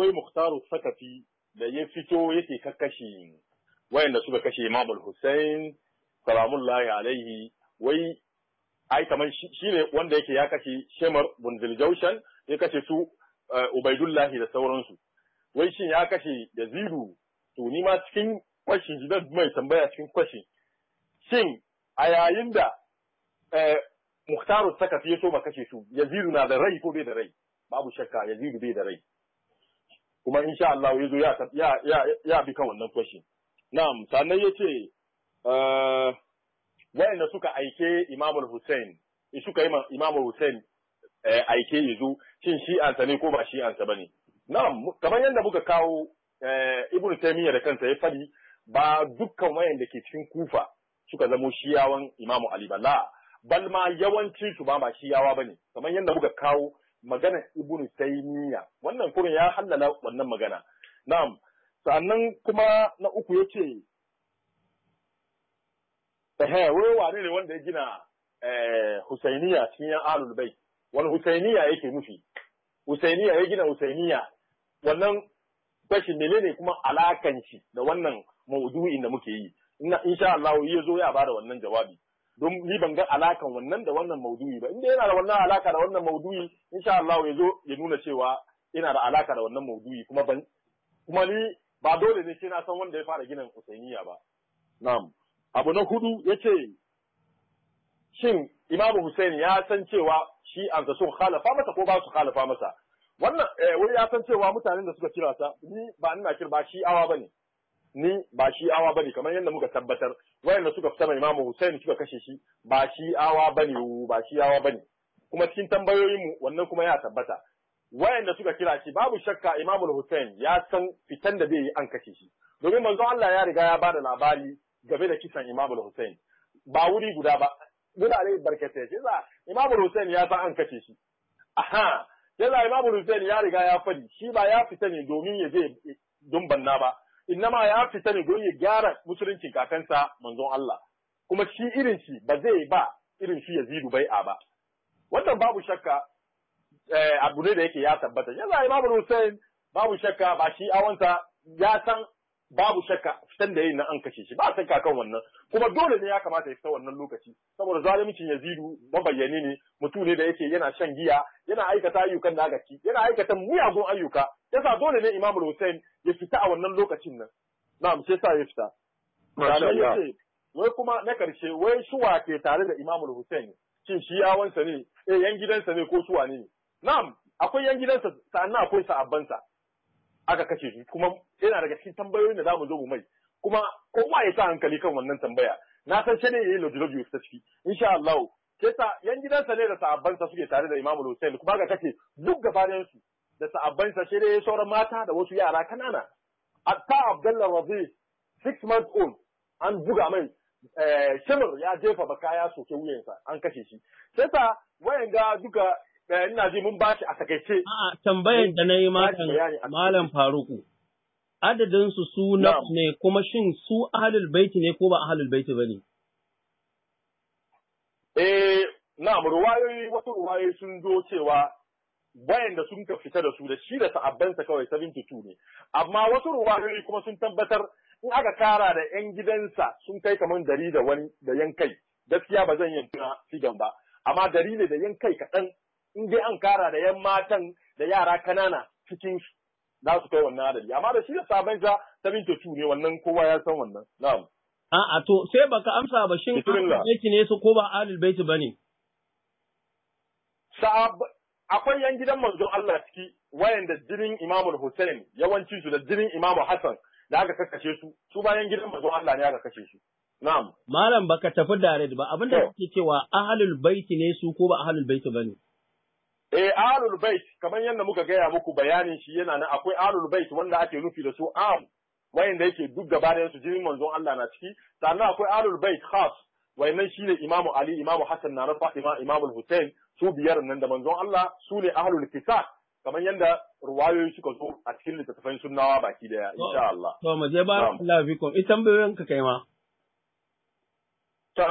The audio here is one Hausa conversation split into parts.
akwai muhtaru Sakafi da ya fito yake kakkashi wayanda suka kashe Imam Hussein salamullahi alaihi wai ai kaman shi ne wanda yake ya kashe Shemar bin Jaushan ya kashe su eh, Ubaidullahi da sauransu wai shin ya kashe Yazidu to ni ma cikin kwashin jidan mai tambaya cikin kwashin shin a yayin da eh, Muhtaru Sakafi ya so ma kashe su Yazidu na da rai ko bai da rai babu shakka Yazidu bai da rai kuma in sha Allah ya zo ya bi kan wannan question na'am sannan ya ce eh, wayanda suka aike imamul hussein suka yi imamul hussein eh, aike ya zo shin shi'ansa ne ko ba shi'ansa ba ne na'am kamar yadda muka kawo eh, ibnu taymiyyah da kansa ya fadi ba dukkan wayanda ke cikin kufa suka zamo shiyawan imamu ali ba la bal ma yawanci su ba ba shiyawa bane kamar yadda muka kawo magana ibnu taymiya wannan kurin ya halala wannan magana na'am sannan kuma na uku yace eh wai wane ne wanda ya gina eh husainiya cikin alul bai wani husainiya yake nufi husainiya ya gina husainiya wannan kashi menene kuma alakan shi da wannan maudu'in da muke yi insha Allah yazo zo ya bada wannan jawabi don ni ban ga alakan wannan da wannan maudu'i ba inda yana da wannan alaka da wannan maudu'i insha Allah ya zo ya nuna cewa ina da alaka da wannan maudu'i kuma ban kuma ni ba dole ne sai na san wanda ya fara ginin Usainiya ba na'am abu na hudu yace shin Imam Hussein ya san cewa shi an ga sun khalafa masa ko ba su khalafa masa wannan eh wai ya san cewa mutanen da suka kira ta ni ba ina kirba shi awa bane ni ba shi awa bane kamar yadda muka tabbatar wayanda suka fita mai imamu Hussein suka kashe shi ba shi awa bane ba shi awa bane kuma cikin tambayoyin mu wannan kuma ya tabbata wayanda suka kira shi babu shakka imamu Hussein ya san fitan da zai yi an kashe shi domin manzo Allah ya riga ya bada labari game da kisan imamu Hussein ba wuri guda ba ne barkatai shi za imamu Hussein ya san an kashe shi aha yanzu imamu Hussein ya riga ya fadi shi ba ya fita ne domin ya je dumbanna ba innama ya fita ne don ya gyara musuluncin kakansa manzon Allah kuma shi irin shi ba zai ba irin shi Yazidu a ba wannan babu shakka eh, abu ne da yake ya tabbata yanzu babu Hussein babu shakka ba shi awansa ya san babu shakka fitan da yayin na an kashe shi ba san kan wannan kuma dole ne ya kamata ya fita wannan lokaci saboda zalimcin Yazidu mabayyani ne mutum ne da yake yana shan giya yana aikata ayyukan da yana aikata muyagun ayyuka yasa dole ne Imam Hussein ya fita a wannan lokacin nan na'am sai sa ya fita wai kuma na karshe wai shuwa ke tare da Imam Hussein shin shi yawansa ne eh yan gidansa ne ko shuwa ne na'am akwai yan gidansa sannan akwai sa'abbansa aka kashe shi kuma yana daga cikin tambayoyin da zamu zo mu mai kuma kowa ya sa hankali kan wannan tambaya na san shi ne yayi lobi ta ciki insha Allah sai yan gidansa ne da sa'abbansa suke tare da Imam Hussein kuma aka kashe duk gabanin su da sa'abbansa shi dai sauran mata da wasu yara kanana Atta abdullah rabi six months old an buga mai eh, shimir ya jefa baka ya soke wuyansa an kashe shi sai sa wayan ga duka eh, ina ji mun bashi a takaice a tambayar da na yi malam faruku adadin su su ne kuma shin su ahlul baiti ne ko ba ahlul baiti bane eh na ruwayoyi wasu ruwayoyi sun zo cewa da sun ka fita da su da shi da sa'abbansa kawai 72 ne amma wasu ruwayoyi kuma sun tabbatar in aka kara da yan gidansa sun kai kamar dari da wani da yan kai gaskiya ba zan yanka figan ba amma dari ne da yan kai kaɗan in dai an kara da yan matan da yara kanana cikin za su kai wannan adadi amma da shi da sabansa 72 ne wannan kowa ya san wannan na'am A'a to sai baka amsa ba shin ne su ko ba alil baiti bane? Sa'ab akwai yan gidan manzon Allah ciki wayanda jinin Imam Hussein yawanci su da jinin Imam Hassan da aka kakkashe su su bayan gidan manzon Allah ne aka kashe su na'am malam baka tafi direct ba abinda kake cewa ahlul bait ne su ko ba ahlul bait bane eh ahlul bait kamar yadda muka gaya muku bayanin shi yana nan akwai ahlul bait wanda ake nufi da su am wayanda yake duk gaba da su jinin manzon Allah na ciki sannan akwai ahlul bait khas wayannan shine Imam Ali Imam Hassan na Fatima Imam Hussein su biyar nan da manzon Allah su ne ahlul kitab kamar yadda ruwayoyi suka zo a cikin littattafan sunnawa baki daya insha Allah to mu je ba Allah fi bikum itan tambayoyin ka kai ma ta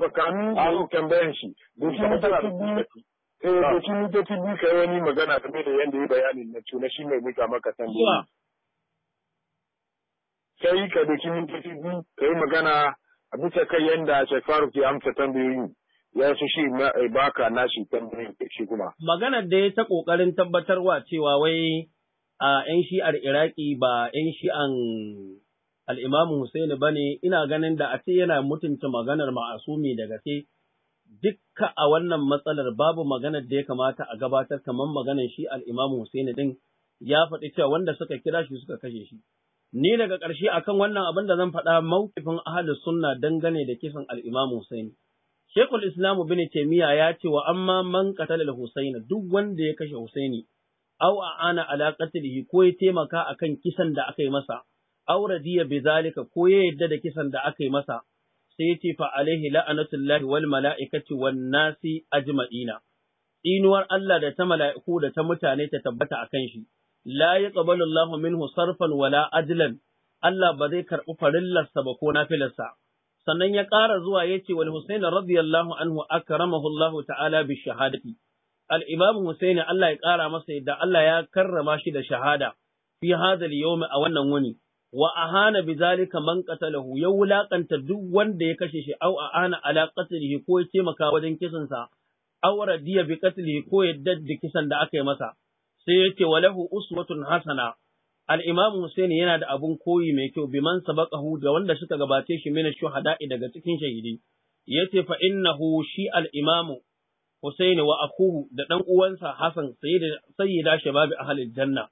ba kan kan tambayan shi eh da shi mutaki bi kai wani magana game da yanda yi bayanin na tuna shi mai mika maka san tambayoyi sai ka doki mutaki bi kai magana a bisa kai yanda Sheikh Faruk ya amsa tambayoyin ya su shi eh, baka nashi tambayin shi kuma. Maganar da ya ta ƙoƙarin tabbatarwa cewa wai a ‘yan shi'ar Iraki ba ‘yan shi'an al'imamu Hussein ba ne, ina ganin da a ce yana mutunta maganar ma'asumi da gaske dukka a wannan matsalar babu maganar da ya kamata a gabatar kamar maganar shi al'imamu Hussein din ya faɗi cewa wanda suka kira shi suka kashe shi. Ni daga ƙarshe akan wannan abin da zan faɗa mawkifin ahalus sunna dangane da kisan al'imamu Hussein. Shekul Islam bin Taimiyya ya ce wa amma man qatala al-Husayn duk wanda ya kashe Husaini aw ana ala qatlihi ko ya taimaka akan kisan da aka yi masa aw radiya bizalika ko ya yadda da kisan da aka yi masa sai ya ce fa alaihi la'anatullahi wal mala'ikati wan nasi ajma'ina inuwar Allah da ta mala'iku da ta mutane ta tabbata akan shi la yaqbalu Allahu minhu sarfan wala adlan Allah ba zai karɓi farillarsa ba ko nafilarsa sannan ya ƙara zuwa ya ce Wani Husaini radiyallahu anhu akramahu Allah ta'ala bi shahadati al-Imam Husaini Allah ya ƙara masa yadda Allah ya karrama shi da shahada fi hadha al-yawm a wannan wuni wa ahana bi zalika man qatalahu ya wulaƙanta duk wanda ya kashe shi au ahana ala qatlihi ko ya taimaka wajen kisan sa aw radiya bi qatlihi ko ya dadda kisan da aka yi masa sai yace walahu uswatun hasana al-imamu husaini yana da abun koyi mai kyau biman sabaqahu da wanda suka gabace shi min shuhada'i daga cikin shahidi ce fa hu shi al-imamu husaini wa akuhu da ɗan uwansa hasan sayyida shababi halin janna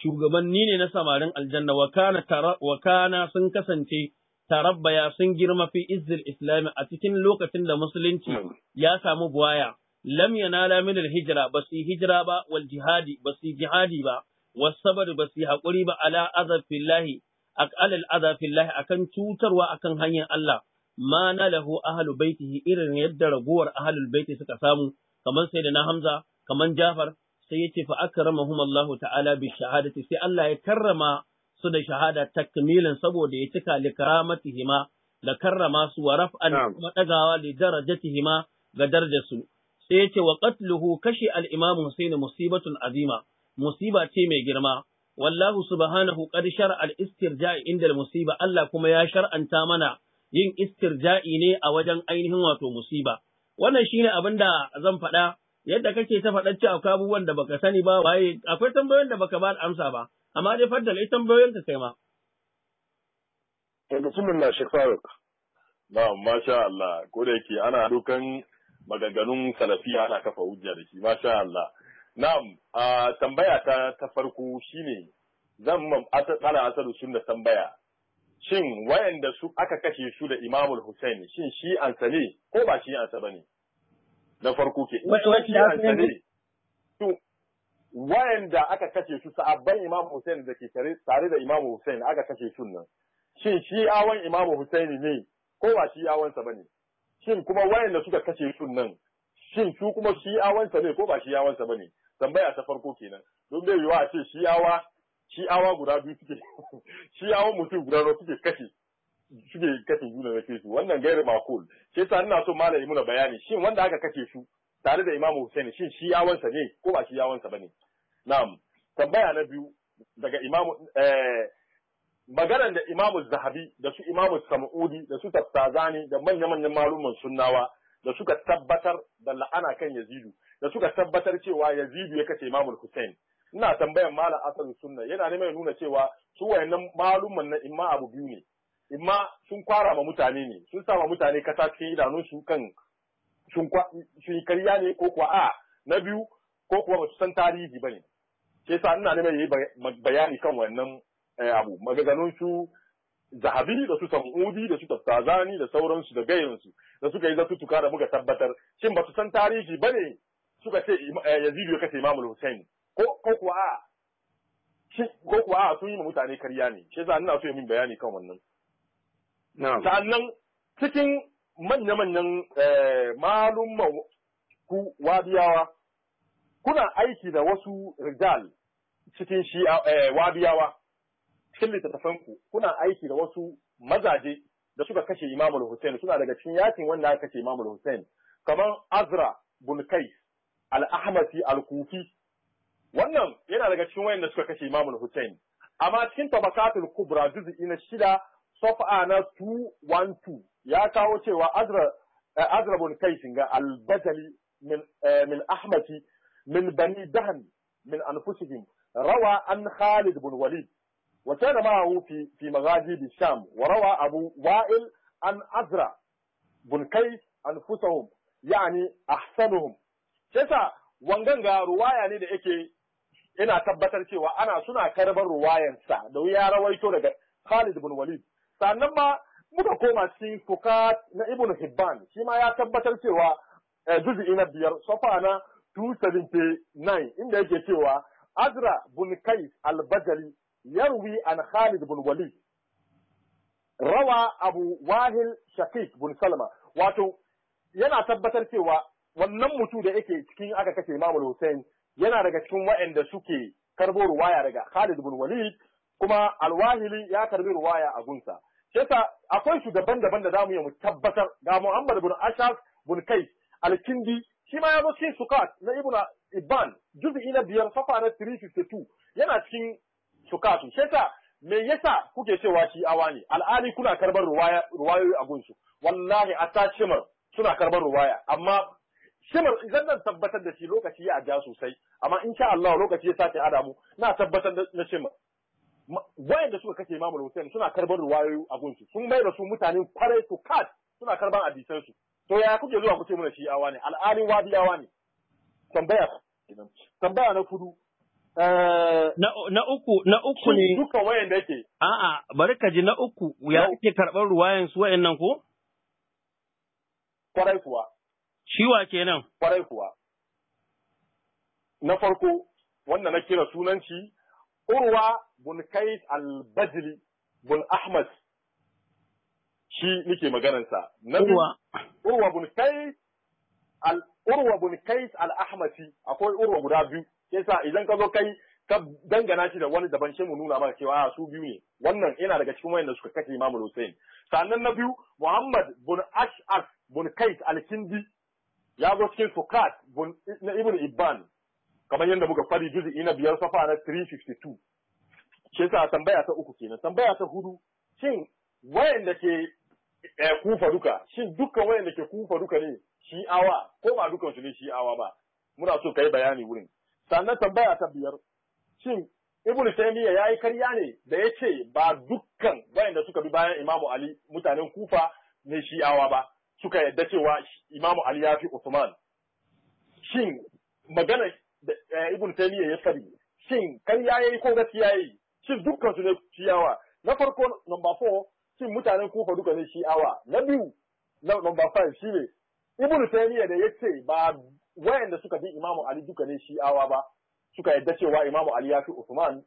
shugabanni ne na samarin aljanna wa kana sun kasance tarabbaya sun girma fi izzil islami a cikin lokacin da musulunci ya samu buwaya lam na min hijira. ba su hijira ba wal jihadi ba su jihadi ba wasabar ba su yi haƙuri ba ala azafillahi akan cutarwa akan hanyar Allah ma na lahu ahalu baitihi irin yadda raguwar ahalul baiti suka samu kamar sai da na Hamza kamar Jafar sai yace fa akramahum Allah ta'ala bi shahadati sai Allah ya karrama su da shahada takmilan saboda ya cika likamatihima la karrama su wa raf'an kuma dagawa li darajatihima ga darajarsu sai yace wa qatluhu kashi al-imam Husayn musibatun azima musiba ce mai girma wallahu subhanahu qad shar'al istirja'i inda musiba Allah kuma ya shar'anta mana yin istirja'i ne a wajen ainihin wato musiba wannan shine abin da zan faɗa yadda kake ta faɗa cewa akwai abubuwan da baka sani ba waye akwai tambayoyin da baka ba amsa ba amma dai faddala ita tambayoyin ka kai ma eh, bismillah Sheikh Faruk na'am masha Allah ko da yake ana dukan maganganun salafiya ana kafa hujja da shi masha Allah Na'am, a tambaya ta ta farko shine zan mam ana asaru sunna tambaya. Shin wayanda su aka kashe su da Imamul Hussein shin shi ansa ne ko ba shi ansa bane? Na farko ke. Shi ansa ne. To wayanda aka kashe su sa'abban Imam Hussein da ke tare da Imam Hussein aka kashe su nan. Shin shi awan Imam Hussein ne ko ba shi sa bane? Shin kuma wayanda suka kashe su nan shin su kuma shi awansa ne ko ba shi ba bane? tambaya ta farko kenan don bai yiwa a ce shi awa guda biyu suke shi'awa mutum guda biyu suke kashe suke kashe juna na su wannan gairi makul shi yasa ina so malami muna bayani shin wanda aka kashe su tare da imamu husaini shin shi'awansa ne ko ba ba bane na'am tambaya na biyu daga imamu eh, maganar da imamu zahabi da su imamu sam'udi da su taftazani da manya-manyan malumin sunnawa da suka tabbatar da la'ana kan yazidu da suka tabbatar cewa Yazidu ya kace Imam Hussein ina tambayan malam asal sunna yana neman nuna cewa su wayannan malumman na imma abu biyu ne imma sun kwara ma mutane ne sun sa ma mutane kasa cikin idanunsu kan sun karya ne ko kuwa a na biyu ko kuwa ba su san tarihi ba ne ke sa ina neman yi bayani kan wannan eh, abu maganganun su zahabi da su sam'udi da su Tafsazani da sauransu da gayansu da suka yi zatutuka da muka tabbatar shin ba su san tarihi ba suka ce eh, yanzu ya kashe Imam Hussaini ko kuwa a ko kuwa a sun yi ma mutane karya ne shi yasa ina so yin bayani kan wannan sannan cikin manya-manyan eh, malumman ku wabiyawa kuna aiki da wasu rijal cikin shi eh, wabiyawa cikin littattafan ku kuna aiki da wasu mazaje da suka kashe Imam Hussaini suna daga cikin yakin wanda aka kashe Imam Hussaini kamar Azra bulkais al-ahmasi al-kufi wannan yana daga cikin da suka kashe imam al-hussein amma cikin tabakatul kubra juz'i na shida safa na 212 ya kawo cewa azra azrabun kaisin ga al-bajali min min ahmasi min bani dahan min anfusihim rawa an khalid روى walid خالد بن وليد fi fi في bi sham wa rawa abu wa'il an azra بن كيس انفسهم yani ahsanuhum Kesa wangan ga ruwaya ne da yake ina tabbatar cewa ana suna karbar ruwayansa da ya rawaito daga Khalid bin Walid. Sannan ma muka koma cikin fuka na Ibn Hibban shi ma ya tabbatar cewa eh, juzi'i na biyar sofa na 279 inda yake cewa Azra bin Kais al-Bajali yarwi an Khalid bin Walid rawa Abu Wahil Shakik bin Salma wato yana tabbatar cewa wannan mutum da yake cikin aka kashe Imam Hussein yana daga cikin waɗanda suke karbo ruwaya daga Khalid bin Walid kuma Al-Wahili ya karbi ruwaya a gunsa yasa akwai su daban-daban da zamu yi mu tabbatar ga Muhammad bin Ashaf bin Kai Al-Kindi shi ma ya cikin Sukat na Ibn Ibban juz'i na biyar safa na 352 yana cikin Sukat yasa me yasa kuke cewa shi awa ne al'ali kuna karbar ruwaya ruwayoyi a gunsu wallahi a tashimar suna karbar ruwaya amma shimar idan zan tabbatar da shi lokaci ya ja sosai amma in sha Allah lokaci ya sake hada mu na tabbatar na shimar wayanda suka kace Imam Hussein suna karban ruwayoyi a gunsu sun mai da su mutane kwarai su kat suna karban hadisan su to yaya kuke zuwa kuce mana shi'awa ne al'alin wadiyawa ne tambaya tambaya na kudu eh, na, na uku na uku ne duka wayanda yake a'a bari ka ji na uku ya kake karban ruwayan su wayannan ko kwarai kuwa Shi wa kenan? Kwarai kuwa. Na farko, wanda na kira sunanci, Urwa bin Kais al-Badri bun Ahmad shi nike maganansa. Urwa. Urwa bin Kais al Urwa bin Kais al-Ahmadi akwai Urwa guda biyu. Yasa idan ka zo kai ka dangana shi da wani daban shi mu nuna maka cewa ah, su biyu ne. Wannan yana daga cikin wayanda suka kashe Imam Hussein. Sannan na biyu Muhammad bun Ash'ar bun Kais al-Kindi ya zo cikin sukat na ibn ibban kamar yadda muka fari juzi ina biyar safa na 352 shi a tambaya ta uku kenan tambaya ta hudu shin wayanda ke eh, kufa duka shin dukkan wayanda ke kufa duka ne shi awa? ko ba dukan su ne awa ba muna so kai bayani wurin sannan tambaya ta biyar shin ibnu taymiya yayi karya ne da yace ba dukkan wayanda suka bi bayan imamu ali mutanen kufa ne shi awa ba suka yadda cewa Imam Ali ya fi Usman shin magana da eh, Ibn Taymiyyah ya fadi shin kai yi ko gaskiya ya yi? shin dukkan su ne ciyawa na farko number four, shin mutanen kufa duka ne shi'awa na biyu na number 5 shine Ibn Taymiyyah da ce ba wayanda suka bi Imam Ali duka ne shi'awa ba suka yadda cewa Imam Ali ya fi Usman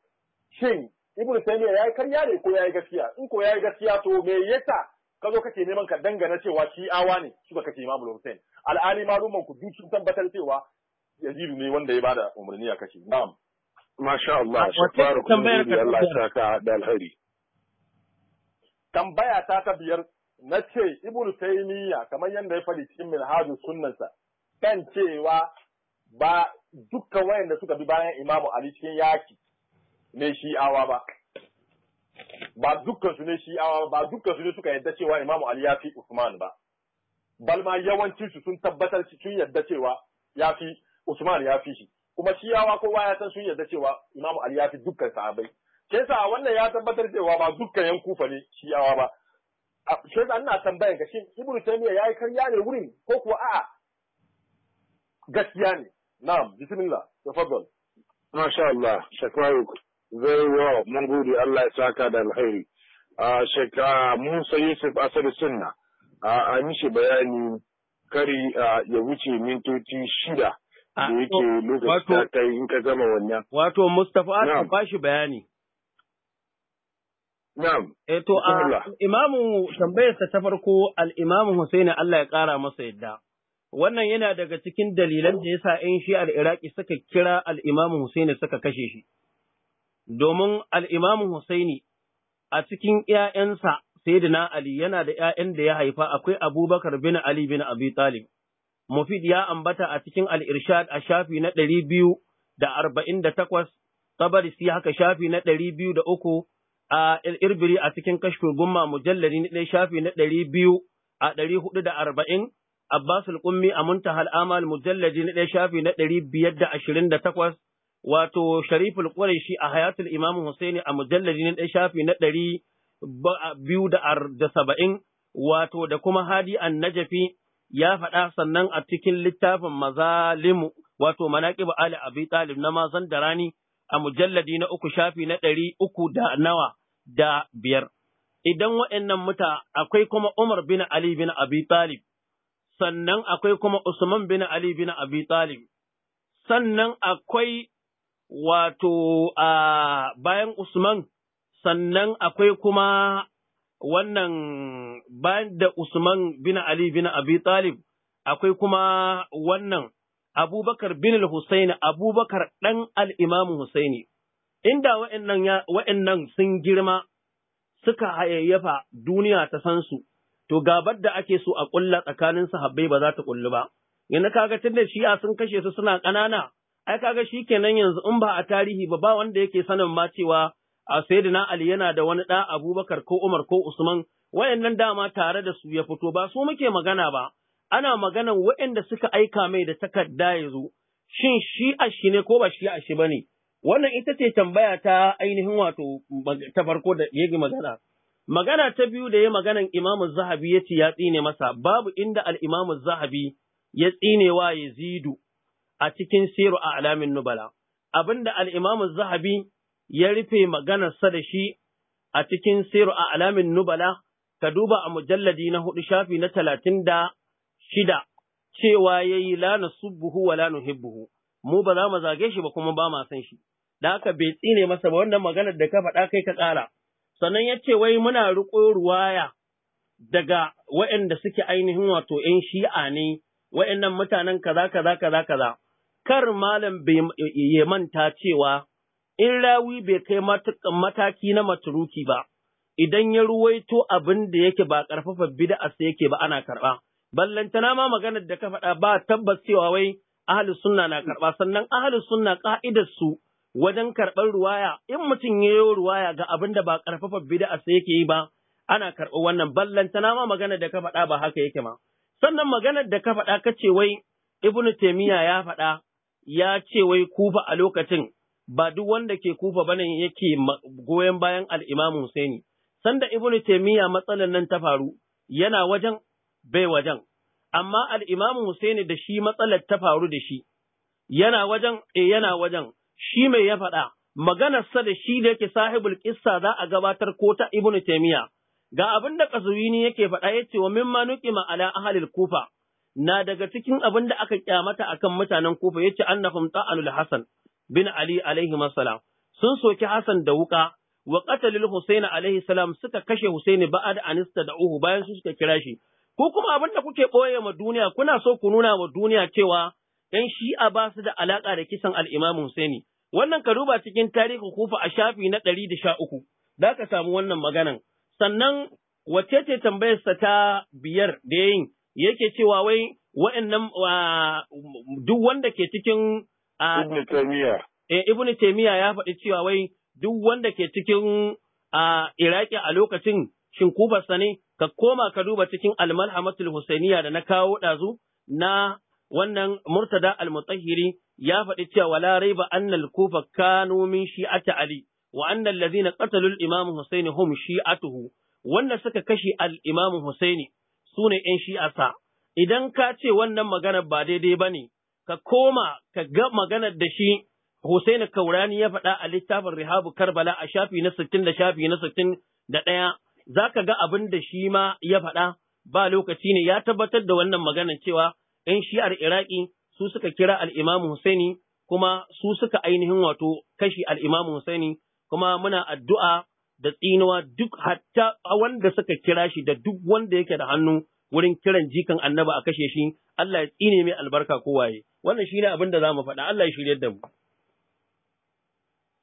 shin Ibn Taymiyyah yi karya ne ko yi gaskiya in ko yi gaskiya to me yasa ka zo kake neman ka dangana cewa shi'awa ne suka kace Imam Hussein al'ali maluman ku duk sun tabbatar cewa Yazidu ne wanda ya bada umarni a kashe na'am masha Allah shafaru kuma Allah ya saka da alheri tambaya ta ta biyar na ce ibnu taymiya kamar yadda ya faɗi cikin Minhajus sunnansa kan cewa ba dukkan wayanda suka bi bayan Imam Ali cikin yaki ne shi'awa ba ba dukkan su ne awa ba dukkan su ne suka yadda cewa imamu ali ya fi usman ba balma yawancin su sun tabbatar sun yadda cewa ya fi usman ya fi shi kuma shi yawa kowa ya san sun yadda cewa imamu ali ya fi dukkan sahabbai sai sa wannan ya tabbatar cewa ba dukkan yan kufa ne yawa ba sai sa ina tambayan ka shin ibnu taymiya yayi karya ne wurin ko kuwa a'a gaskiya ne na'am bismillah tafaddal sha Allah shakwayu Very well, mun gode Allah ya saka da alkhairi. Shekara Musa Yusuf Asali Sunna, a shi bayani kari ya wuce mintoci shida da yake lokaci ta kai in ka gama wannan. Wato Mustapha Adam ba shi bayani. Na'am. Eh to imamu tambayarsa ta farko al-Imam Hussein Allah ya kara masa yadda. Wannan yana daga cikin dalilan da yasa 'yan shi al iraqi suka kira al-Imam Hussein suka kashe shi. domin al'imamu Hussaini a cikin ‘ya'yansa na Ali yana da ‘ya'yan da ya haifa akwai Abubakar bin Ali bin Abi Talib. Mufid ya ambata a cikin al'irshad a shafi na ɗari biyu da arba'in da takwas, Tabaris ya haka shafi na ɗari biyu da uku, a irbiri a cikin kashfin gumma mujallari na shafi na ɗari biyu a ɗari hudu da arba'in, Abbasul Ƙummi a muntahal amal mujallari na shafi na ɗari biyar da ashirin da takwas, wato Shariful Quraishi a Hayatul Imam Husaini a mujalladi na ɗan shafi na ɗari biyu da saba'in wato da kuma Hadi an Najafi ya faɗa sannan a cikin littafin mazalimu wato Manaƙiba Ali Abi Talib na mazan da rani a mujalladi na uku shafi na ɗari uku da nawa da biyar. Idan waɗannan muta akwai kuma Umar bin Ali bin Abi Talib, sannan akwai kuma Usman bin Ali bin Abi Talib, sannan akwai wato a bayan Usman sannan akwai kuma wannan bayan da Usman bin Ali bin Abi Talib akwai kuma wannan Abubakar bin Husaini Abubakar ɗan imam Husaini, inda waɗannan sun girma suka hayayyafa duniya ta san su, to gabar da ake so a ƙulla tsakanin sahabbai ba za ta kullu ba. Yana kaga tunda shi'a sun kashe su suna ƙanana, ai kaga kenan yanzu in ba a tarihi ba ba wanda yake sanin ma cewa a Sayyidina Ali yana da wani ɗa Abubakar ko Umar ko Usman wayannan dama tare da su ya fito ba su muke magana ba ana maganan wayanda suka aika mai da takarda ya shin shi a shi ne ko ba shi a shi bane wannan ita ce tambaya ta ainihin wato ta farko da yage magana magana ta biyu da ya maganan Imam Zahabi yace ya tsine masa babu inda al-Imam Zahabi ya tsinewa Yazidu a cikin siru a alamin nubala. Abinda al'imamu zahabi ya rufe maganarsa da shi a cikin siru a alamin nubala, ka duba a mujalladi na hudu shafi na talatin da shida, cewa ya yi lana subbuhu wa lana hibbuhu, mu ba za mu zage shi ba kuma ba ma san shi, da haka bai tsine masa ba wannan maganar da ka faɗa kai ka tsara. Sannan ya ce wai muna riƙo ruwaya daga waɗanda suke ainihin wato ‘yan shi'a ne, waɗannan mutanen kaza kaza kaza kaza. kar malam ya manta cewa in rawi bai kai mataki na maturuki ba, idan ya ruwaito abin da yake ba ƙarfafa bid'a sai yake ba ana karɓa. Ballantana ma maganar da ka faɗa ba tabbas cewa wai ahli sunna na karɓa sannan ahli sunna ka'idar su wajen karɓar ruwaya in mutum ya yi ruwaya ga abin da ba ƙarfafa bid'a sai yake yi ba ana karɓar wannan ballantana ma maganar da ka faɗa ba haka yake ma. Sannan maganar da ka faɗa ka ce wai Ibn Taymiyyah ya faɗa ya ce wai kufa a lokacin ba duk wanda ke kufa bane yake goyon bayan al'imam Husaini. Sanda Ibn Taymiyyah matsalar nan ta faru yana wajen bai wajen, amma al'imam Husaini da shi matsalar ta faru da shi, yana wajen, e yana wajen, shi mai ya faɗa, maganarsa da shi da yake sahibul kissa za a gabatar ko ta Ibn Taymiyyah. Ga abin da yake faɗa ya ce wa mimma nuqima ala ahlil kufa na daga cikin abin da aka kyamata kan mutanen Kufa ci, «Anna, ta'anul Hasan bin Ali alaihi masalam sun soki Hassan da wuka wa qatalil Husayn alaihi salam suka kashe Ba'a da anista da uhu bayan su suka kira shi ko kuma abin da kuke boye ma duniya kuna so ku nuna wa duniya cewa ɗan shi'a ba su da alaƙa da kisan al-Imam Husaini wannan ka duba cikin tarihin Kufa a shafi na ɗari da sha uku, za ka samu wannan maganan sannan wacce ce tambayarsa ta biyar da yayin yake cewa wai wa'annan duk wanda ke cikin Ibn Taymiya eh Ibn Taymiya ya faɗi cewa wai duk wanda ke cikin Iraki a lokacin shin kubarsa ne ka koma ka duba cikin Al-Malhamatul Husainiya da na kawo ɗazu na wannan Murtada Al-Mutahhiri ya faɗi cewa wala raiba annal kufa kanu min shi'ati Ali wa annal ladina qatalul imam Husaini hum shi'atuhu wanda suka kashe al-Imam Husaini su ne ‘yan shi'arsa, idan ka ce wannan maganar ba daidai ba ne, ka koma ka ga maganar da shi Hussein Kaurani ya faɗa a littafin Rihabu Karbala a shafi na sittin da shafi na sittin da ɗaya, za ka ga abin da shi ma ya faɗa ba lokaci ne ya tabbatar da wannan maganar cewa ‘yan shi'ar Iraki su suka kira al'imamu Husaini kuma su suka ainihin wato kashi al'imamu Husaini kuma muna addu'a da tsinuwa duk hatta wanda suka kira shi da duk wanda yake da hannu wurin kiran jikan annaba a kashe shi Allah ya tsine mai albarka ko waye wannan shine abin da za mu faɗa Allah ya shirye da mu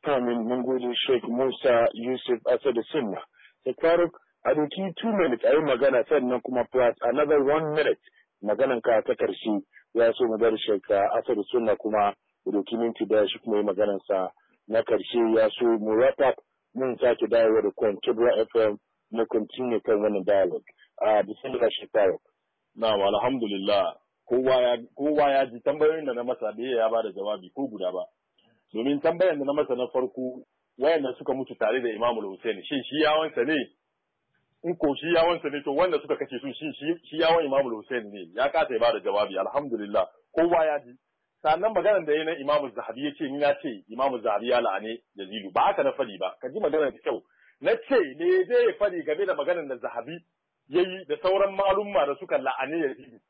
Amin mun gode Sheikh Musa Yusuf Asad Sunna sai Faruk a doki 2 minutes ayi magana sannan kuma plus another 1 minute maganan ka ta karshe ya so mu bar Sheikh Asad Sunna kuma doki minti da shi kuma yi maganar sa na karshe ya so mu wrap up mun sake dawowa da kwan Kibra FM na continue kan wani dialogue. A ah, Bismillah Shekaru. Na'am alhamdulillah kowa ya ji tambayoyin da na masa da ya ba da jawabi ko guda ba. Domin tambayar da na masa na farko wayanda suka mutu tare da imamu Hussein shin shi yawansa ne in ko shi yawansa ne to wanda suka kashe su shi shi yawan Imam Hussein ne ya kasa ya ba da jawabi alhamdulillah kowa ya ji sannan maganar da yanayin na imamu zahabi ya ce ni ce imamu zahabi ya la'ane yazidu ba aka na fadi ba ka ji magana da kyau na ce ne zai ya fadi game da maganar da zahabi ya yi da sauran malumma da suka la'ane yazidu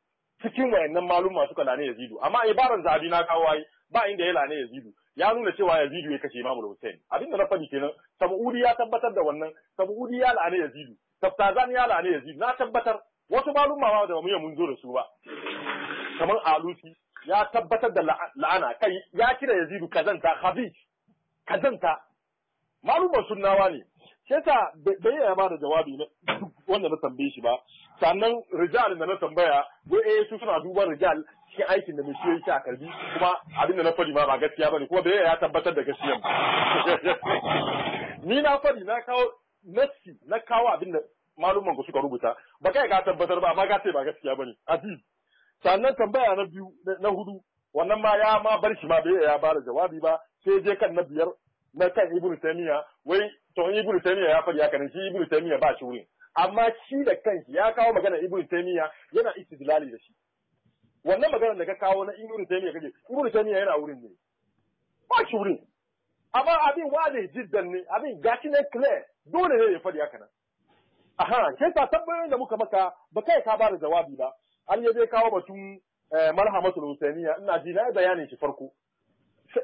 cikin wayannan malumma suka la'ane yazidu amma ibaran zahabi na kawo ai ba inda ya la'ane yazidu ya nuna cewa yazidu ya kashe imamu hussein abin da na fadi kenan sabuudi ya tabbatar da wannan sabuudi ya la'ane yazidu saftazan ya la'ane yazidu na tabbatar wasu malumma ba da mu mun zo da su ba kamar alusi ya tabbatar da la'ana kai ya kira yazidu kazanta khabith kazanta malumar sunnawa ne sai ta bai ya ba da jawabi na wanda na tambaye shi ba sannan rijal da na tambaya wai eh su suna duban rijal shi aikin da mu shi yake a karbi kuma abin da na fadi ma ba gaskiya bane kuma bai ya tabbatar da gaskiya ni na fadi na kawo nassi na kawo abin da malumman ku suka rubuta ba kai ka tabbatar ba amma ga sai ba gaskiya bane aziz sannan tambaya na biyu na hudu wannan ma ya ma bar shi ma bai ya bada jawabi ba sai je kan na biyar na kan ibnu taymiya wai to ibnu taymiya ya faɗi haka ne shi ibnu taymiya ba shi wurin amma shi da kanshi ya kawo magana ibnu taymiya yana istidlali da shi wannan magana da ka kawo na ibnu taymiya kaje ibnu taymiya yana wurin ne ba shi wurin amma abin wale jiddan ne abin gashi ne clear dole ne ya faɗi haka nan aha sai sa tabbayar da muka maka ba kai ka ba da jawabi ba An ya zai kawo batun eh, malhamatul husainiya ina ji na bayanin shi farko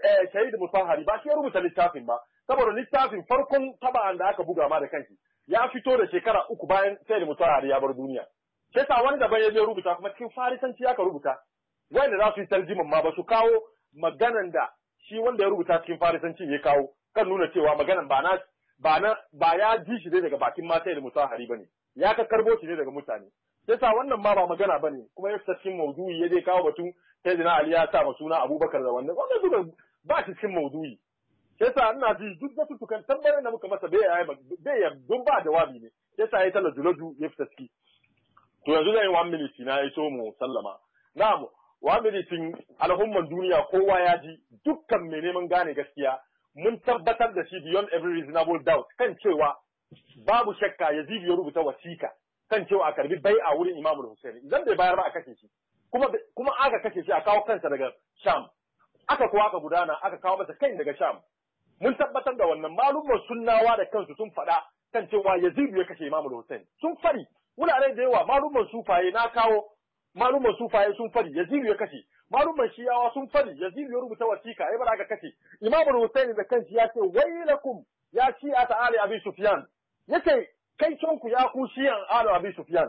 eh, shahid mutahari ba shi ya rubuta littafin ba saboda littafin farkon taba'an da aka buga ma da kanki ya fito da shekara uku bayan shahid mutahari ya bar duniya sai sa wani daban ya zai rubuta kuma cikin farisanci aka rubuta da za su yi tarjiman ma ba su kawo maganan da shi wanda ya rubuta cikin farisanci ya kawo kan nuna cewa maganan ba na ba na ba ya ji shi ne daga bakin mata sai da mutahari ne. ya ka karbo shi ne daga mutane yasa wannan ma ba magana bane kuma ya cikin maudu'i ya je kawo batun sai Ali ya sa suna Abubakar da wannan wannan duka ba shi cikin maudu'i yasa ina ji duk da tukan tambayar da muka masa bai yayi bai ya don ba jawabi ne yasa ya tala juladu ya fita ciki to yanzu zan yi one minute na iso mu sallama na'am one minute al'umman duniya kowa ya ji dukkan mai neman gane gaskiya mun tabbatar da shi beyond every reasonable doubt kan cewa babu shakka Yazid ya rubuta wasika kan cewa a karbi bai a wurin Imam Hussein idan bai bayar ba a kashe shi kuma kuma aka kashe shi a kawo kansa daga Sham aka kuwa aka gudana aka kawo masa kai daga Sham mun tabbatar da wannan malumar sunnawa da kansu sun faɗa kan cewa Yazid ya kashe Imam Hussein sun fari wurare da yawa malumar sufaye na kawo malumar sufaye sun fari Yazid ya kashe malumar shiyawa sun fari Yazid ya rubuta wasika ai bara aka kashe Imam Hussein da kansa ya ce wailakum ya shi'a ta Ali Abi Sufyan yace kai ku ya ku an alo abi sufyan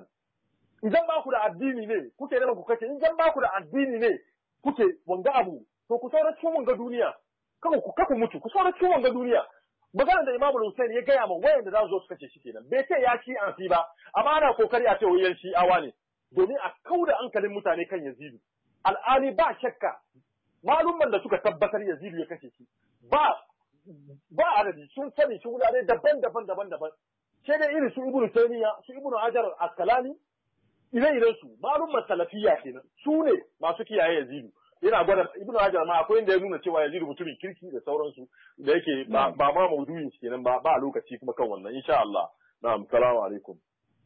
idan ba ku da addini ne kuke da ku kace idan ba ku da addini ne kuke wanga abu to ku saura cikin wanga duniya kawo ku kaku mutu ku saura cikin wanga duniya magana da imamu husaini ya gaya ma wayan da za su zo su kace shi kenan bai ce ya ci an fi ba amma ana kokari a ce wayan shi awa ne domin a kauda hankalin mutane kan Yazidu al'ali ba shakka malumman da suka tabbatar Yazidu ya kashe shi ba ba adadi sun sani shi wurare daban-daban daban-daban sai dai irin su ibnu taymiya su ibnu hajar askalani idan iren su malum masalafiya kenan su ne masu kiyaye yazidu yana gwada ibnu hajar ma akwai inda ya nuna cewa yazidu mutumin kirki da sauransu da yake ba ma maudu'in kenan ba ba lokaci kuma kan wannan insha Allah na'am salamu alaikum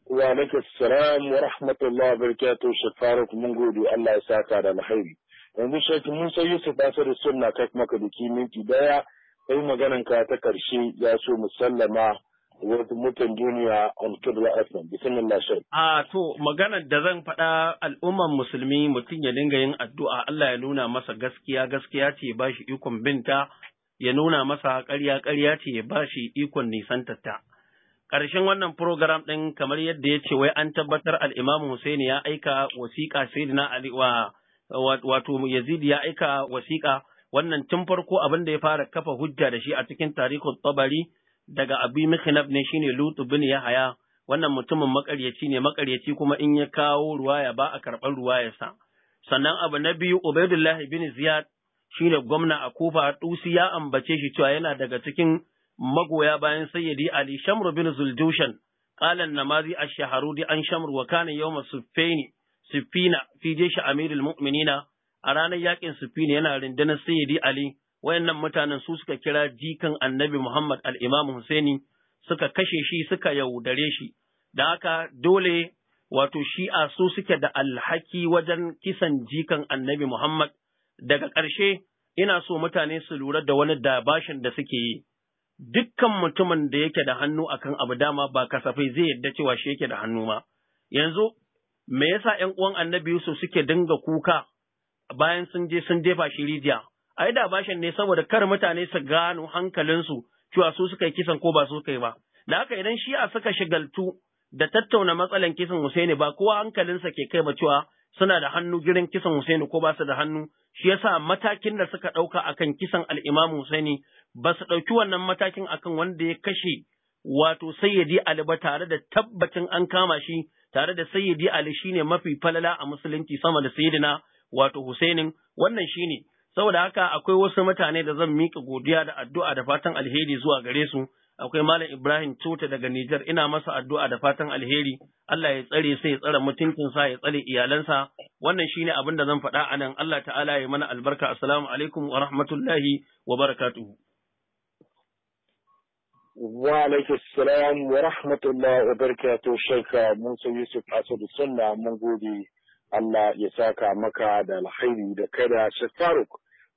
wa alaikum salam wa rahmatullahi wa barakatuh shek mun gode Allah ya saka da alheri yanzu shek mun sai yusuf da sunna kai kuma ka duki minti daya kai maganan ka ta karshe ya so musallama World Mutan Duniya on Kibla FM. Bismillah Ah to maganar da zan faɗa al'umman musulmi mutum ya dinga yin addu'a Allah ya nuna masa gaskiya gaskiya ce ba shi ikon binta ya nuna masa ƙarya ƙarya ce ya ba shi ikon Nisan nisantarta. Ƙarshen wannan program ɗin kamar yadda ya ce wai an tabbatar al'imam Hussein ya aika wasiƙa Sayyidina Ali wa wato Yazid ya aika wasiƙa wannan tun farko abin da ya fara kafa hujja da shi a cikin tarihin Tabari daga abi mihnab ne shine lutu bin yahaya wannan mutumin makaryaci ne makaryaci kuma in ya kawo ruwaya ba a karɓar ruwayarsa sannan abu na biyu ubaidullahi bin ziyad shine gwamna a kufa dusi ya ambace shi cewa yana daga cikin magoya bayan sayyidi ali shamru bin zuljushan قال النمازي الشهرودي عن شمر وكان يوم سفين سفينة في جيش أمير المؤمنين أرانا ياكن سفينة أنا رندنا سيدي علي wayannan mutanen su suka kira jikan annabi Muhammad al-Imam Husaini suka kashe shi suka yaudare shi da haka dole wato shi'a su suke da alhaki wajen kisan jikan annabi Muhammad daga ƙarshe ina so mutane su lura da wani dabashin da suke yi dukkan mutumin da yake da hannu akan abu dama ba kasafai zai yadda cewa shi yake da hannu ma yanzu me yasa 'yan uwan annabi Yusuf suke dinga kuka bayan sun je sun jefa shi rijiya ai da bashin ne saboda kar mutane su gano hankalinsu cewa su suka yi kisan ko ba su yi ba da haka idan shi'a suka shigaltu da tattauna matsalan kisan Husaini ba kowa hankalinsa ke kai ba cewa suna da hannu girin kisan Husaini ko ba su da hannu shi yasa matakin da suka ɗauka akan kisan al'imam Husaini ba su ɗauki wannan matakin akan wanda ya kashe wato sayyidi Ali ba tare da tabbacin an kama shi tare da sayyidi Ali shine mafi falala a musulunci sama da sayyidina wato Husainin wannan shine saboda haka akwai wasu mutane da zan miƙa godiya da addu'a da fatan alheri zuwa gare su akwai malam Ibrahim tuta daga Nijar ina masa addu'a da fatan alheri Allah ya tsare sai ya tsare mutuncinsa ya tsare iyalansa wannan shine abin da zan faɗa anan Allah ta'ala ya mana albarka assalamu alaikum wa rahmatullahi wa barakatuhu wa alaikum wa rahmatullahi wa barakatuhu shaika Musa Yusuf Asadu Sunna mun gode Allah ya saka maka da alheri da kada Sheikh Faruk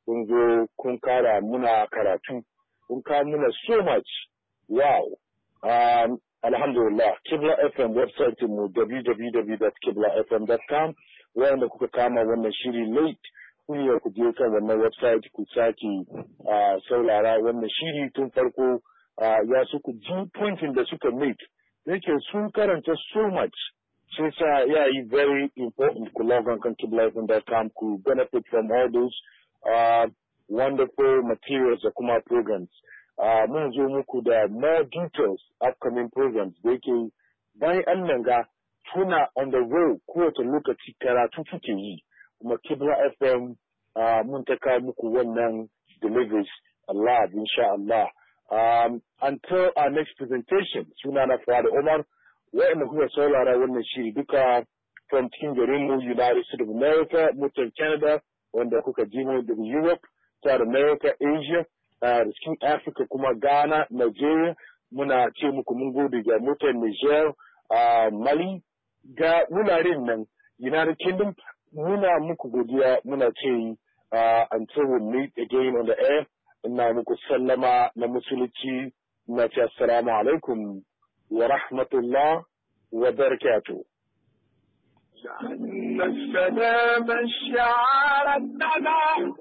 kun zo kun kara muna karatu kun kawo muna so much wow um, alhamdulillah kibla fm website mu www.kiblafm.com wanda kuka kama wannan shiri late kun yi ku je kan wannan website ku sake uh, saurara wannan shiri tun farko uh, ya su ku ji pointin da suka make yake sun karanta so much sai sa ya yi very important ku logon kan kiblafm.com ku benefit from all those Uh, wonderful materials da kuma programs. Uh, mun more details upcoming programs da yake bayan an nan tuna on the road Quote. lokaci karatu kuke yi kuma Kibra FM uh, mun ta muku wannan deliveries Allah insha Allah. Um, until our next presentation suna na Fuad Omar wa'anda kuka saurara wannan shiri duka from cikin garinmu United States of America, mutan Canada, wanda kuka ji mu daga Europe, South America, Asia, uh, da cikin Africa kuma Ghana, Nigeria, muna ce muku mun gode ga mutan Niger, Mali, ga wuraren nan United Kingdom muna muku godiya muna ce uh, until we meet again on the air ina muku sallama na musulunci na ce assalamu alaikum wa rahmatullah wa barakatuh جعلنا السلام الشعار التبع